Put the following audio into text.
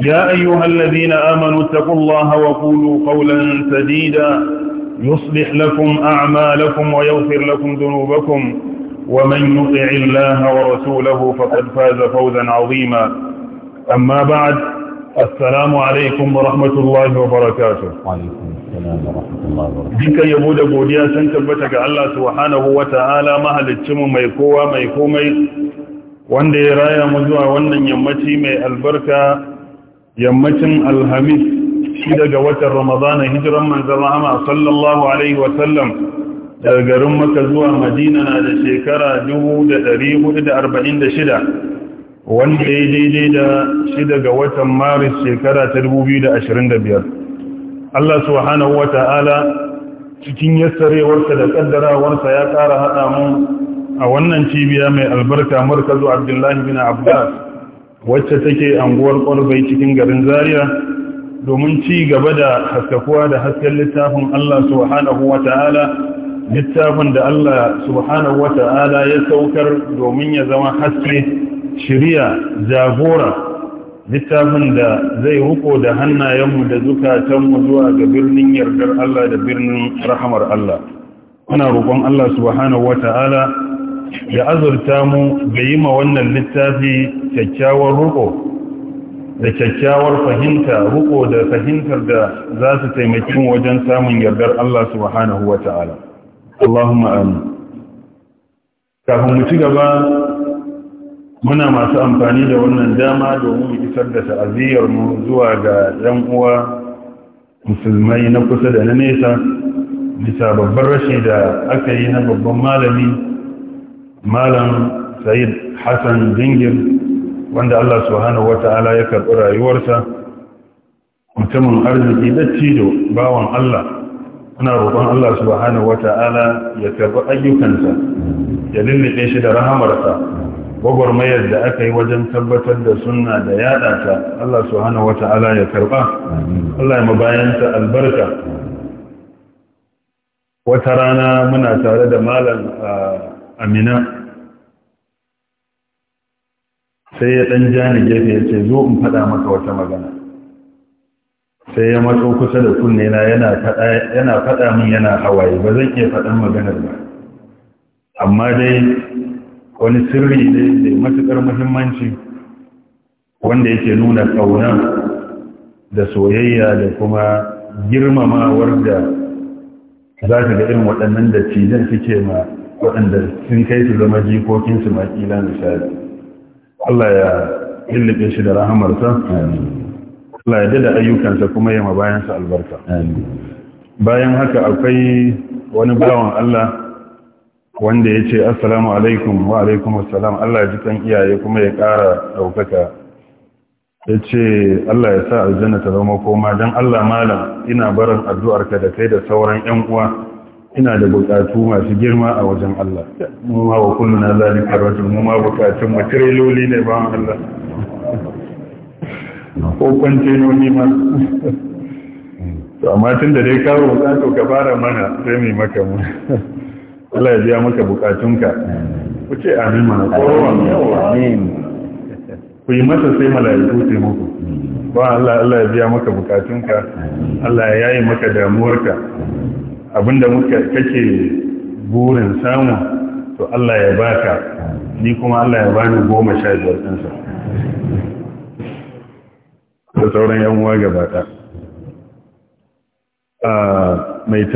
يا أيها الذين آمنوا اتقوا الله وقولوا قولا سديدا يصلح لكم أعمالكم ويغفر لكم ذنوبكم ومن يطع الله ورسوله فقد فاز فوزا عظيما أما بعد السلام عليكم ورحمة الله وبركاته وعليكم السلام ورحمة الله وبركاته ديك يبود قوديا سنتبتك الله سبحانه وتعالى مهل التم ميكوى ميكومي وان دي رايا مزوع وان wannan مي البركة yammacin alhamis shi daga watan ramadana hijiran manzan rahama sallallahu alaihi wasallam daga garin maka zuwa madina na da shekara 1446 wanda ya daidai da shi daga watan maris shekara ta 2025 Allah subhanahu wa ta'ala cikin yassarewarsa da kaddarawarsa ya kara haɗa mu a wannan cibiya mai albarka markazu abdullahi bin abbas wacce take anguwar ƙwarbai cikin garin zaria domin ci gaba da haskakuwa da hasken littafin Allah subhanahu wa ta'ala littafin da Allah subhanahu wa ta'ala ya saukar domin ya zama haske shirya jagora littafin da zai ruko da hannayenmu da zukatanmu zuwa ga birnin yardar Allah da birnin rahamar Allah. Ana roƙon Allah subhanahu wa ta'ala ya azurta mu da yi ma wannan littafi kyakkyawar ruko da kyakkyawar fahimta ruko da fahimtar da za su taimaki mu wajen samun yardar Allah subhanahu wa ta'ala Allahumma amin kafin mu ci gaba muna masu amfani da wannan dama domin mu isar da ta'aziyar mu zuwa ga yan uwa musulmai na kusa da na nesa bisa babbar rashi da aka yi na babban malami malam Said Hassan Jingir wanda Allah subhanahu wata'ala ya karɓi rayuwarsa mutumin arziki cido bawan Allah ana roƙon Allah subhanahu wata'ala ya karɓi ayyukansa ya lullube shi da rahamarsa gwagwarmayar da aka yi wajen tabbatar da sunna da yada ta Allah subhanahu wata'ala ya karba Allah ya mabayanta albarka wata rana muna tare da malam ah, amina sai ya ɗan jani gefe ya ce zo in faɗa maka wata magana sai ya matso kusa da kunne na yana faɗa min yana hawaye ba zan iya faɗan maganar ba amma dai wani sirri ne mai matuƙar muhimmanci wanda yake nuna ƙauna da soyayya da kuma girmamawar da za ka ga irin waɗannan da cizon suke ma waɗanda sun kai su zama jikokinsu makila misali Allah ya lullube shi da rahamarsa Allah ya dada ayyukansa kuma ya bayansa albarka bayan haka akwai wani bawan Allah wanda ya ce assalamu alaikum wa alaikum assalam Allah ji kan iyaye kuma ya ƙara ɗaukaka ya ce Allah ya sa aljanna ta zama koma don Allah malam ina barin addu'arka da kai da sauran ‘yan uwa ina da bukatu masu girma a wajen Allah mu ma wa kullu na zalika rajul mu ma bukatun mu tireloli ne ba Allah ko kwance ni ma to amma tun da dai kawo to ka fara mana sai mai maka mu Allah ya biya maka bukatunka ku ce amin mana kowa amin ku yi masa sai mala'iku sai muku ba Allah Allah ya biya maka bukatunka Allah ya yi maka damuwarka abinda muka kake burin samu to Allah ya baka ni kuma Allah ya bani goma sha biyar sa, da sauran yan uwa gaba ɗaya ah, mai